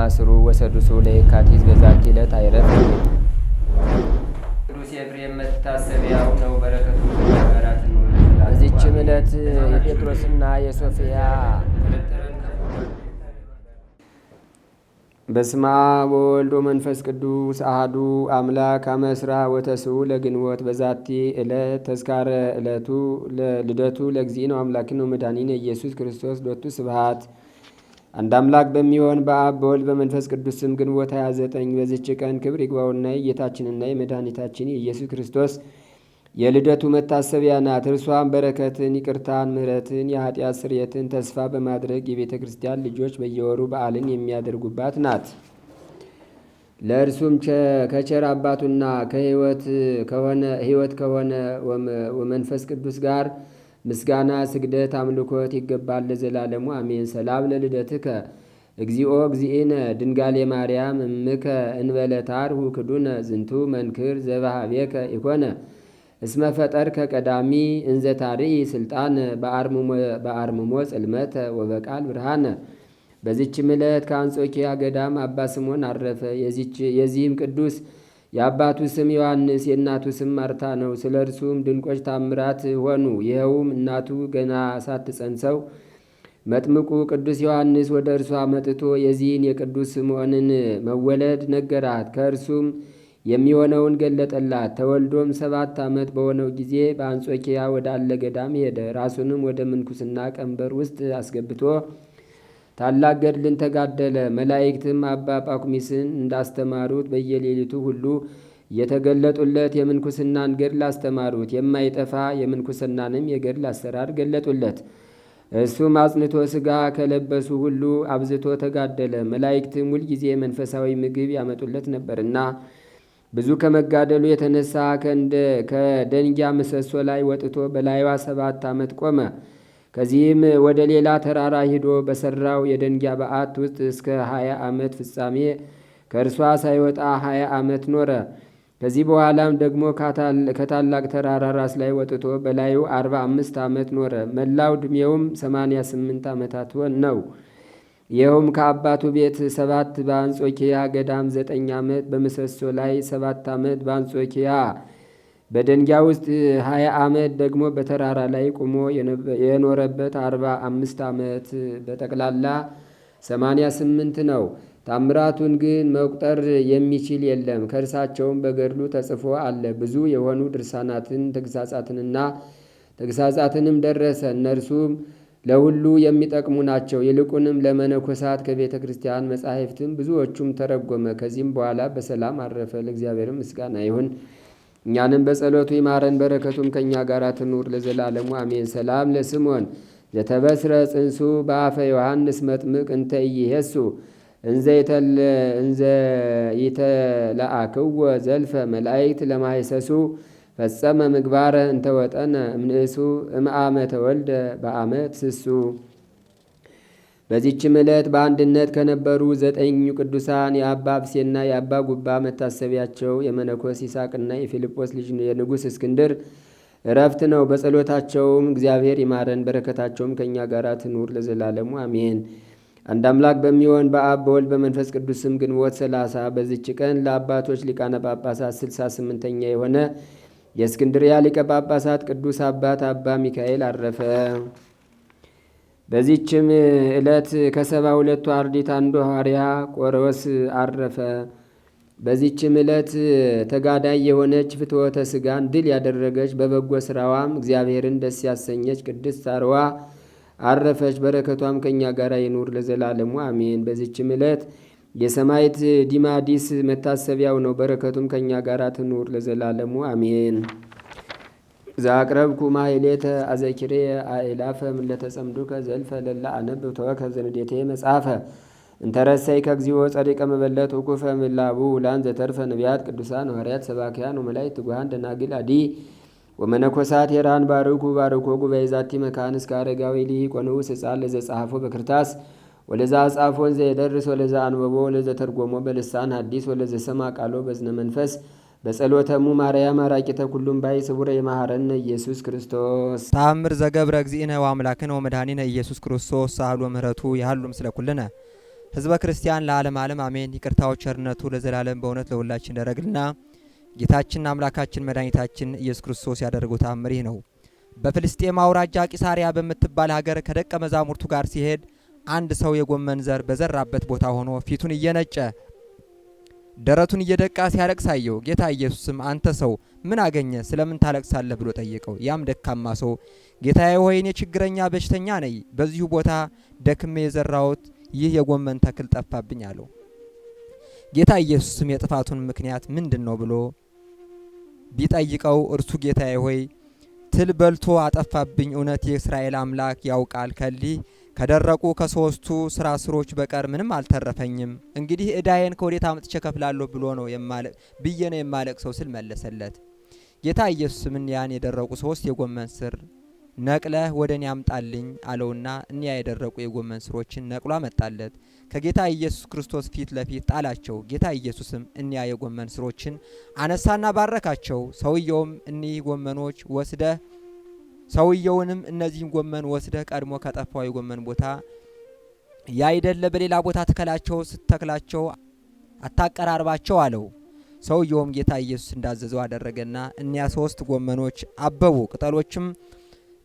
ማስሩ ወሰዱሱ ለየካቲት በዛቲ ዕለት አይረፍ። ቅዱስ ኤፍሬም መታሰቢያው ነው። በረከቱ በዚችም ዕለት የጴጥሮስና የሶፊያ በስማ ወወልድ ወመንፈስ ቅዱስ አህዱ አምላክ አመስራ ወተስኡ ለግንቦት በዛቲ ዕለት ተስካረ ዕለቱ ልደቱ ለእግዚእነ ነው መድኃኒነ ኢየሱስ ክርስቶስ ዶቱ ስብሃት አንድ አምላክ በሚሆን በአብ በወልድ በመንፈስ ቅዱስ ስም ግንቦት 29 በዚች ቀን ክብር ይግባውና የጌታችንና የመድኃኒታችን የኢየሱስ ክርስቶስ የልደቱ መታሰቢያ ናት። እርሷን በረከትን፣ ይቅርታን፣ ምሕረትን፣ የኃጢአት ስርየትን ተስፋ በማድረግ የቤተ ክርስቲያን ልጆች በየወሩ በዓልን የሚያደርጉባት ናት። ለእርሱም ከቸር አባቱና ከሕይወት ከሆነ ህይወት ከሆነ ወመንፈስ ቅዱስ ጋር ምስጋና፣ ስግደት፣ አምልኮት ይገባል ለዘላለሙ አሜን። ሰላም ለልደትከ እግዚኦ እግዚእነ ድንጋሌ ማርያም እምከ እንበለታር ሁክዱነ ዝንቱ መንክር ዘባሃቤከ ይኮነ እስመ ፈጠር ከቀዳሚ እንዘ ስልጣን በአርምሞ ጽልመተ ወበቃል ብርሃነ። በዚችም ምለት ከአንጾኪያ ገዳም አባ ስሞን አረፈ። የዚህም ቅዱስ የአባቱ ስም ዮሐንስ የእናቱ ስም ማርታ ነው። ስለ እርሱም ድንቆች ታምራት ሆኑ። ይኸውም እናቱ ገና ሳትጸንሰው መጥምቁ ቅዱስ ዮሐንስ ወደ እርሷ መጥቶ የዚህን የቅዱስ ስምዖንን መወለድ ነገራት። ከእርሱም የሚሆነውን ገለጠላት። ተወልዶም ሰባት ዓመት በሆነው ጊዜ በአንጾኪያ ወዳለ ገዳም ሄደ። ራሱንም ወደ ምንኩስና ቀንበር ውስጥ አስገብቶ ታላቅ ገድልን ተጋደለ። መላእክትም አባ ጳኩሚስን እንዳስተማሩት በየሌሊቱ ሁሉ የተገለጡለት የምንኩስናን ገድል አስተማሩት። የማይጠፋ የምንኩስናንም የገድል አሰራር ገለጡለት። እሱም አጽንቶ ስጋ ከለበሱ ሁሉ አብዝቶ ተጋደለ። መላእክትም ሁልጊዜ መንፈሳዊ ምግብ ያመጡለት ነበርና ብዙ ከመጋደሉ የተነሳ ከደንጊያ ምሰሶ ላይ ወጥቶ በላይዋ ሰባት ዓመት ቆመ። ከዚህም ወደ ሌላ ተራራ ሂዶ በሰራው የደንጊያ በዓት ውስጥ እስከ 20 ዓመት ፍጻሜ ከእርሷ ሳይወጣ 20 ዓመት ኖረ። ከዚህ በኋላም ደግሞ ከታላቅ ተራራ ራስ ላይ ወጥቶ በላዩ 45 ዓመት ኖረ። መላው ዕድሜውም 88 ዓመታት ነው። ይኸውም ከአባቱ ቤት ሰባት በአንጾኪያ ገዳም ዘጠኝ ዓመት በምሰሶ ላይ ሰባት ዓመት በአንጾኪያ በደንጊያ ውስጥ ሀያ ዓመት ደግሞ በተራራ ላይ ቆሞ የኖረበት አርባ አምስት ዓመት በጠቅላላ ሰማንያ ስምንት ነው። ታምራቱን ግን መቁጠር የሚችል የለም። ከእርሳቸውም በገድሉ ተጽፎ አለ። ብዙ የሆኑ ድርሳናትን ተግሳጻትንና ተግሳጻትንም ደረሰ። እነርሱም ለሁሉ የሚጠቅሙ ናቸው። ይልቁንም ለመነኮሳት ከቤተ ክርስቲያን መጻሕፍትም ብዙዎቹም ተረጎመ። ከዚህም በኋላ በሰላም አረፈ። ለእግዚአብሔርም ምስጋና ይሁን። እኛንም በጸሎቱ ይማረን፣ በረከቱም ከእኛ ጋር ትኑር ለዘላለሙ አሜን። ሰላም ለስምዖን ዘተበስረ ጽንሱ በአፈ ዮሐንስ መጥምቅ እንተ ኢየሱ እንዘ ዘልፈ መላእክት ለማይሰሱ ፈጸመ ምግባረ እንተወጠነ እምንእሱ እምአመ ተወልደ በአመት ስሱ በዚችም ዕለት በአንድነት ከነበሩ ዘጠኙ ቅዱሳን የአባ ብሴና የአባ ጉባ መታሰቢያቸው የመነኮስ ይሳቅና የፊልጶስ ልጅ የንጉሥ እስክንድር እረፍት ነው። በጸሎታቸውም እግዚአብሔር ይማረን፣ በረከታቸውም ከእኛ ጋር ትኑር ለዘላለሙ አሜን። አንድ አምላክ በሚሆን በአብ በወልድ በመንፈስ ቅዱስም ግንቦት ሰላሳ በዚች ቀን ለአባቶች ሊቃነ ጳጳሳት ስልሳ ስምንተኛ የሆነ የእስክንድርያ ሊቀ ጳጳሳት ቅዱስ አባት አባ ሚካኤል አረፈ። በዚችም ዕለት ከሰባ ሁለቱ አርዲት አንዱ ሐዋርያ ቆሮስ አረፈ። በዚችም ዕለት ተጋዳይ የሆነች ፍትወተ ስጋን ድል ያደረገች በበጎ ስራዋም እግዚአብሔርን ደስ ያሰኘች ቅድስት ሳርዋ አረፈች። በረከቷም ከእኛ ጋር ይኑር ለዘላለሙ አሜን። በዚችም ዕለት የሰማይት ዲማዲስ መታሰቢያው ነው። በረከቱም ከእኛ ጋር ትኑር ለዘላለሙ አሜን። ዛቅረብኩ ማሕሌተ አዘኪሬ አእላፈ ምለተጸምዱከ ዘልፈ ለላ አነብብ ተወከ ዘንዴቴ መጽሐፈ እንተረሰይ ከግዚኦ ጸሪቀ መበለት ውኩፈ ምላቡ ውላን ዘተርፈ ነቢያት ቅዱሳን ሐዋርያት ሰባኪያን ወመላይ ትጉሃን ደናግል አዲ ወመነኮሳት የራን ባርኩ ባርኮ ጉባኤ ዛቲ መካን እስከ አረጋዊ ልሂ ቆንውስ ሕፃን ለዘ ጸሐፎ በክርታስ ወለዛ ጻፎ ወንዘ የደርስ ወለዛ አንበቦ ወለዘ ተርጎሞ በልሳን ሐዲስ ወለዘ ሰማ ቃሎ በዝነ መንፈስ በጸሎተሙ ማርያም አራቂተ ተኩሉም ባይ ስቡረ የማህረነ ኢየሱስ ክርስቶስ ታምር ዘገብረ እግዚእነ ወአምላክነ ወመድኃኒነ ኢየሱስ ክርስቶስ ሳህሉ ምህረቱ ያህሉ ምስለ ኩልነ ህዝበ ክርስቲያን ለዓለም ዓለም አሜን። ይቅርታው ቸርነቱ ለዘላለም በእውነት ለሁላችን ደረግልና ጌታችን አምላካችን መድኃኒታችን ኢየሱስ ክርስቶስ ያደረገው ታምር ይህ ነው። በፍልስጤም አውራጃ ቂሳሪያ በምትባል ሀገር ከደቀ መዛሙርቱ ጋር ሲሄድ አንድ ሰው የጎመን ዘር በዘራበት ቦታ ሆኖ ፊቱን እየነጨ ደረቱን እየደቃ ሲያለቅስ አየው። ጌታ ኢየሱስም አንተ ሰው ምን አገኘ? ስለምን ታለቅሳለህ? ብሎ ጠየቀው። ያም ደካማ ሰው ጌታዬ ሆይ እኔ ችግረኛ በሽተኛ ነኝ፣ በዚሁ ቦታ ደክሜ የዘራሁት ይህ የጎመን ተክል ጠፋብኝ አለው። ጌታ ኢየሱስም የጥፋቱን ምክንያት ምንድን ነው ብሎ ቢጠይቀው እርሱ ጌታዬ ሆይ ትል በልቶ አጠፋብኝ፣ እውነት የእስራኤል አምላክ ያውቃል ከሊህ ከደረቁ ከሶስቱ ስራ ስሮች በቀር ምንም አልተረፈኝም። እንግዲህ እዳዬን ከወዴት አምጥቼ ከፍላለሁ ብሎ ነው የማለቅ ብዬ ነው የማለቅ ሰው ስል መለሰለት። ጌታ ኢየሱስም ያን የደረቁ ሶስት የጎመን ስር ነቅለህ ወደ እኔ አምጣልኝ አለውና እኒያ የደረቁ የጎመን ስሮችን ነቅሎ አመጣለት። ከጌታ ኢየሱስ ክርስቶስ ፊት ለፊት ጣላቸው። ጌታ ኢየሱስም እኒያ የጎመን ስሮችን አነሳና ባረካቸው። ሰውየውም እኒህ ጎመኖች ወስደህ ሰውየውንም እነዚህን ጎመን ወስደህ ቀድሞ ከጠፋው የጎመን ቦታ ያይደለ በሌላ ቦታ ትከላቸው፣ ስትተክላቸው አታቀራርባቸው አለው። ሰውየውም ጌታ ኢየሱስ እንዳዘዘው አደረገና እኒያ ሶስት ጎመኖች አበቡ፣ ቅጠሎችም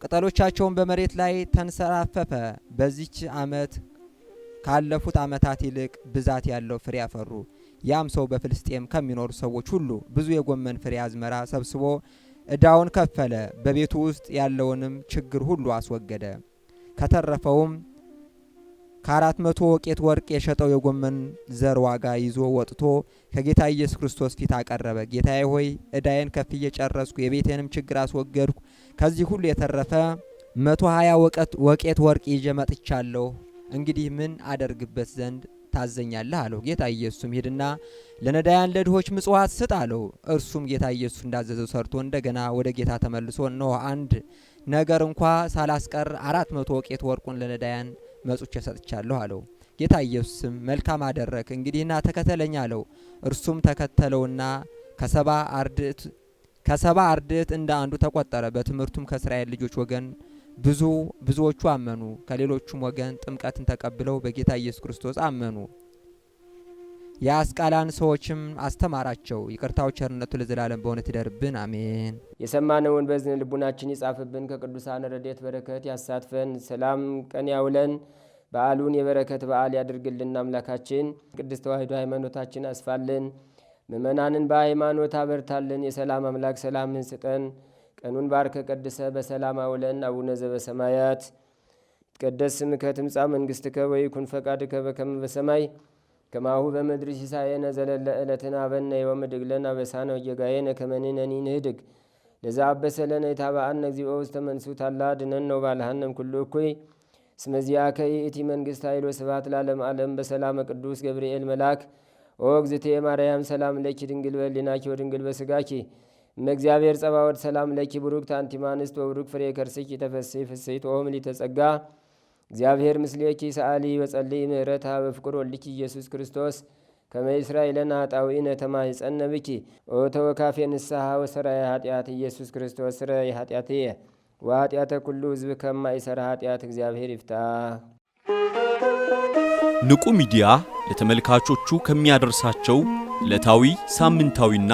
ቅጠሎቻቸውን በመሬት ላይ ተንሰራፈፈ። በዚች ዓመት ካለፉት ዓመታት ይልቅ ብዛት ያለው ፍሬ አፈሩ። ያም ሰው በፍልስጤም ከሚኖሩ ሰዎች ሁሉ ብዙ የጎመን ፍሬ አዝመራ ሰብስቦ ዕዳውን ከፈለ። በቤቱ ውስጥ ያለውንም ችግር ሁሉ አስወገደ። ከተረፈውም ከአራት መቶ ወቄት ወርቅ የሸጠው የጎመን ዘር ዋጋ ይዞ ወጥቶ ከጌታ ኢየሱስ ክርስቶስ ፊት አቀረበ። ጌታዬ ሆይ ዕዳዬን ከፍዬ ጨረስኩ፣ የቤቴንም ችግር አስወገድኩ። ከዚህ ሁሉ የተረፈ መቶ ሀያ ወቄት ወርቅ ይዤ መጥቻለሁ። እንግዲህ ምን አደርግበት ዘንድ ታዘኛለህ አለው። ጌታ ኢየሱስም ሂድና ለነዳያን ለድሆች ምጽዋት ስጥ አለው። እርሱም ጌታ ኢየሱስ እንዳዘዘው ሰርቶ እንደገና ወደ ጌታ ተመልሶ እነሆ አንድ ነገር እንኳ ሳላስቀር አራት መቶ ወቄት ወርቁን ለነዳያን መጹቼ ሰጥቻለሁ አለው። ጌታ ኢየሱስም መልካም አደረክ፣ እንግዲህና ተከተለኝ አለው። እርሱም ተከተለውና ከሰባ አርድእት ከሰባ አርድእት እንደ አንዱ ተቆጠረ። በትምህርቱም ከእስራኤል ልጆች ወገን ብዙ ብዙዎቹ አመኑ። ከሌሎቹም ወገን ጥምቀትን ተቀብለው በጌታ ኢየሱስ ክርስቶስ አመኑ። የአስቃላን ሰዎችም አስተማራቸው። ይቅርታው ቸርነቱ ለዘላለም በእውነት ይደርብን፣ አሜን። የሰማነውን በዝን ልቡናችን ይጻፍብን፣ ከቅዱሳን ረድኤት በረከት ያሳትፈን፣ ሰላም ቀን ያውለን፣ በዓሉን የበረከት በዓል ያድርግልን። አምላካችን ቅድስት ተዋሕዶ ሃይማኖታችን አስፋልን፣ ምእመናንን በሃይማኖት አበርታልን። የሰላም አምላክ ሰላምን ስጠን። ቀኑን ባርከ ቀድሰ በሰላም አውለን። አቡነ ዘበሰማያት ይትቀደስ ስምከ ትምጻእ መንግሥትከ ወይኩን ፈቃድከ በከመ በሰማይ ከማሁ በምድር ሲሳየነ ዘለለ ዕለትነ ሀበነ ዮም ወኅድግ ለነ አበሳነ ወጌጋየነ ከመ ንሕነኒ ንኅድግ ለዘአበሰ ለነ ኢታብአነ እግዚኦ ውስተ መንሱት አላ አድኅነነ ወባልሐነ ኩሉ እኩይ እስመ ዚአከ ይእቲ መንግስት ኃይል ወስብሐት ለዓለመ ዓለም። በሰላመ ቅዱስ ገብርኤል መልአክ ኦ እግዝእትየ ማርያም ሰላም ለኪ ድንግል በሕሊናኪ ወድንግል በስጋኪ እመእግዚአብሔር ጸባወድ ሰላም ለኪ ብሩክ ታንቲማንስት ወብሩክ ፍሬ ከርስኪ ተፈስሒ ፍስሕት ኦም ሊተጸጋ እግዚአብሔር ምስሌኪ ሰአሊ በጸልይ ምህረታ በፍቅር ወልኪ ኢየሱስ ክርስቶስ ከመ እስራኤልን አጣዊነ ተማኅፀነ ብኪ ኦ ተወካፌ ንስሓ ወሰራይ ኢየሱስ ክርስቶስ ስረይ ኃጢአትየ ወኃጢአተ ኩሉ ሕዝብ ከማይሰራ ኃጢአት እግዚአብሔር ይፍታ። ንቁ ሚዲያ ለተመልካቾቹ ከሚያደርሳቸው ዕለታዊ ሳምንታዊና